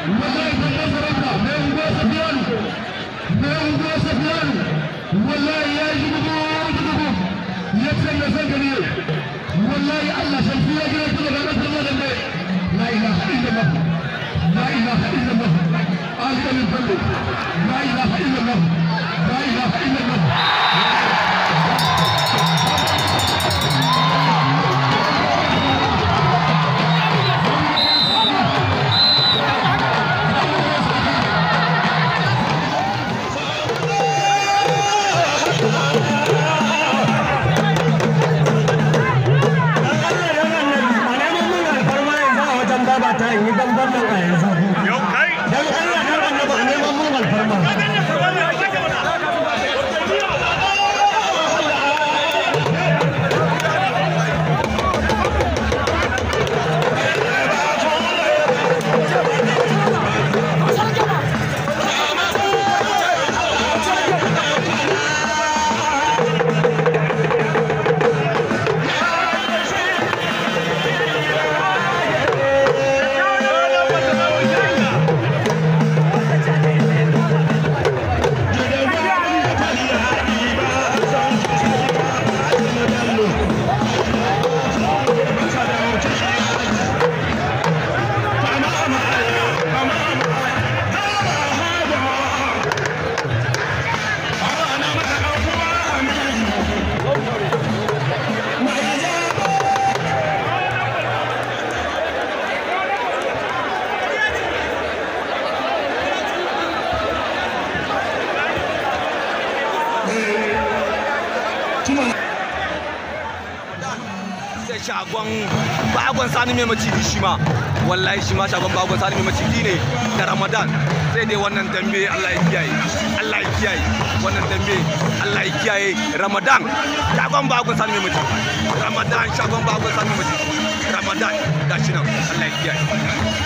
والله يا جمهور جمهور يكسر نسل جميل والله الله شمسية جميل كل غلط الله لا إله إلا الله لا إله إلا الله أنت من فضلك لا إله إلا الله لا إله إلا الله shagon bagon sani mai maciji shi ma wallahi shi ma shagon bagon sani mai maciji ne da ramadan sai dai wannan dambe allah ya kiyaye allah ya kiyaye wannan dambe allah ya kiyaye ramadan shagon bagon sani mai maciji ramadan shagon bagon sani mai maciji ramadan da shi nan allah ya kiyaye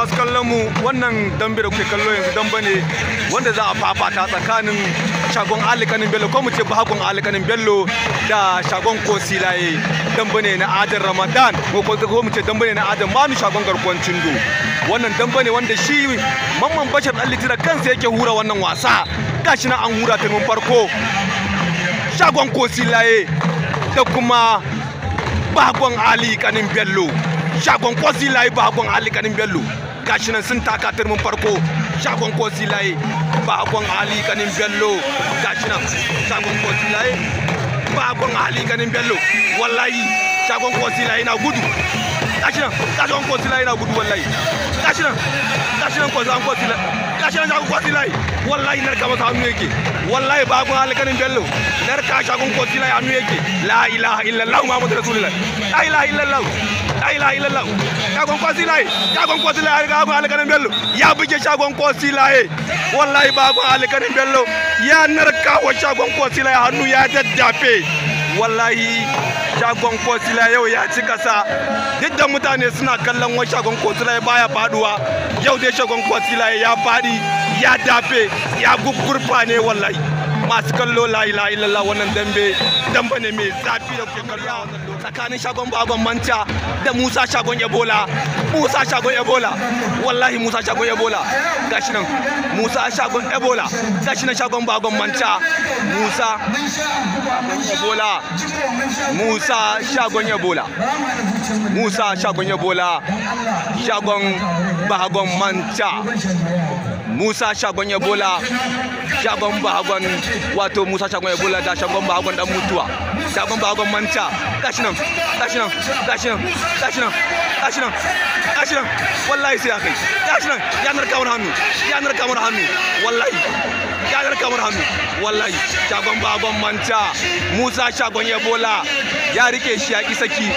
masu kallon mu wannan dambe da kuke kallo yanzu damba ne wanda za a fafata tsakanin shagon alikanin bello ko mu ce bahakon alikanin bello da shagon kosilaye damba ne na adar ramadan ko mu ce damba ne na adar manu shagon garkuwan cindo wannan damba ne wanda shi mamman bashar dan litira kansa yake hura wannan wasa gashi na an hura ta mun farko shagon kosilaye da kuma bakon ali kanin bello shagon kwasi layi bakon ali kanin bello gashi nan sun taka turmin farko shagon kosi laye bakon ali kanin bello gashi nan shagon kosi laye bakon ali kanin bello wallahi shagon kosi laye na gudu gashi nan shagon kosi laye na gudu wallahi gashi nan gashi nan shagon kosi laye gashi nan shagon kosi wallahi narka masa hannu yake wallahi bakon ali kanin bello narka shagon kosi laye hannu yake la ilaha illallah muhammadu rasulullah la ilaha illallah la ilaha illallah shagon kwasi laye shagon kwasi laye ga gun alkanin bello ya buge shagon kwasi laye wallahi ba gun alkanin bello ya narka wa shagon kwasi laye hannu ya daddafe wallahi shagon kosila yau ya ci kasa duk da mutane suna kallon wani shagon baya faduwa yau dai shagon kosila ya fadi ya dafe ya gugurfa ne wallahi masu kallo layi layi lalla wannan dambe damba ne mai zafi da kuke kallo tsakanin shagon bagon manta da musa shagon ebola musa shagon ebola wallahi musa shagon ebola gashi nan musa shagon ebola gashi nan shagon bagon manta musa ebola musa shagon ebola musa shagon ebola shagon bagon manta musa shagon ebola shagon bahagon wato musa shagon ebola da shagon bahagon dan mutuwa shagon bahagon manta gashi nan gashi nan gashi nan gashi nan nan nan wallahi sai akai gashi nan ya narka kamar hannu yanar kamar hannu wallahi yanar kamar hannu wallahi shagon bahagon manta musa shagon ebola ya rike shi ya ki saki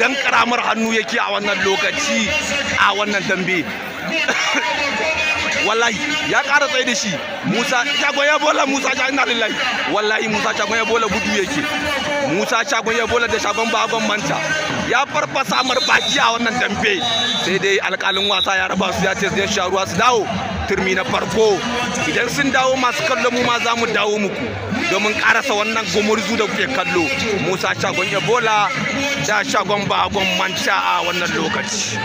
dan karamar hannu yake a wannan lokaci a wannan dambe wallahi ya ƙara tsaye da shi musa shagon ya bola musa shagon na lillahi wallahi musa shagon ya bola gudu yake musa shagon ya bola da shagon bagon manta ya farfasa mar baki a wannan dambe sai dai alƙalin wasa ya raba su ya ce zai sha ruwa su dawo turmi na farko idan sun dawo masu kallo mu ma za mu dawo muku domin karasa wannan gumurzu da kuke kallo musa shagon bola da shagon bagon manta a wannan lokaci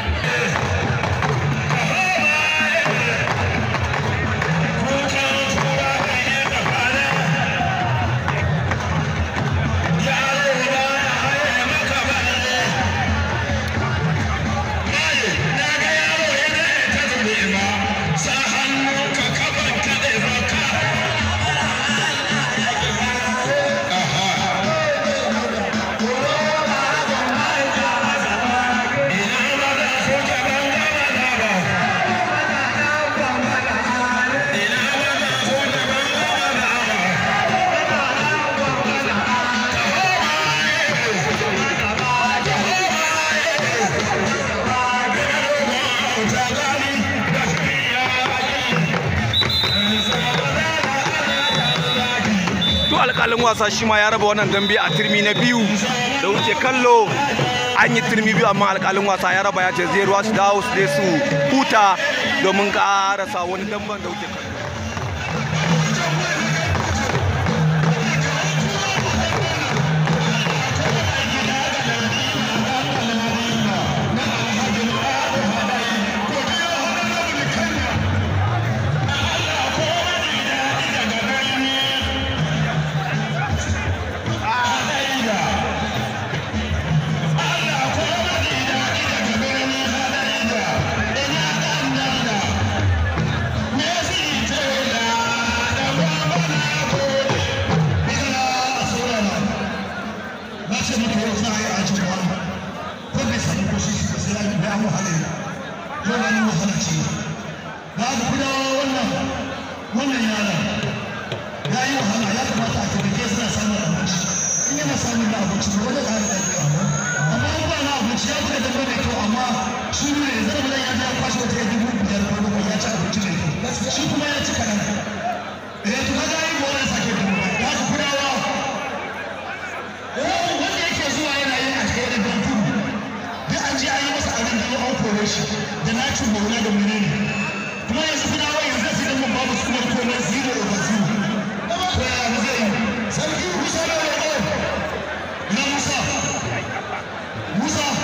alƙalin wasa shi ma ya raba wannan dambe a turmi na biyu da wuce kallo an yi turmi biyu amma alƙalin wasa ya raba ya ce zai ruwa su dawo su dai su huta domin ƙarasa wani damban da wuce kallo an wahala yau an wahala ce ba da kudawa wannan wannan yara ya yi wahala ya kamata a taimake suna samun abinci in yana samun na abinci ba wani ƙarin ɗaɗi amma in ba na abinci ya kuka dambe mai kyau amma shi ne zai zama ya ji ya kwashe wata ya dubu biyar ko ya ci abinci mai kyau shi kuma ya ci kaɗan eh to kaga yi ba wani da shi da nacin maula da menene babu su kuma komai zero over Musa Musa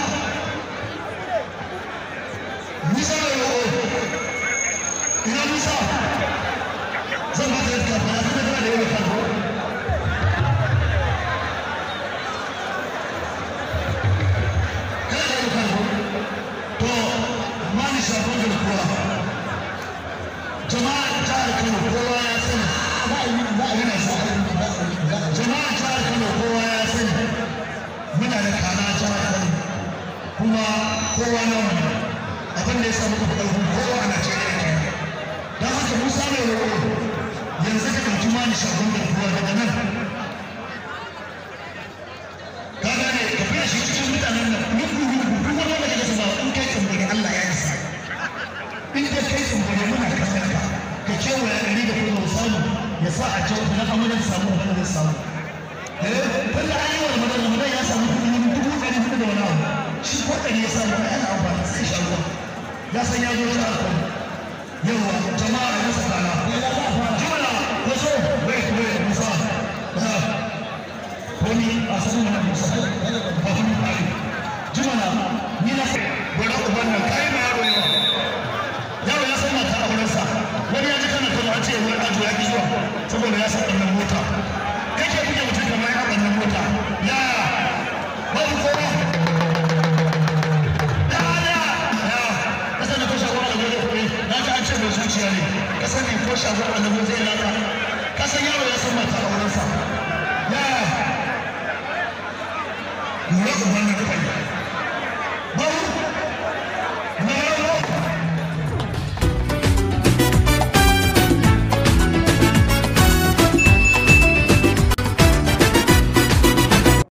ya sa a cewa na amma zai samu wanda samu eh wanda an yi wani magana magana ya samu kuɗi wani dubu ɗari hudu da ya samu wani ana amfani ya san ya Musa, ya ne ka sani ko shagon a zai lada san yaro ya san mata aurensa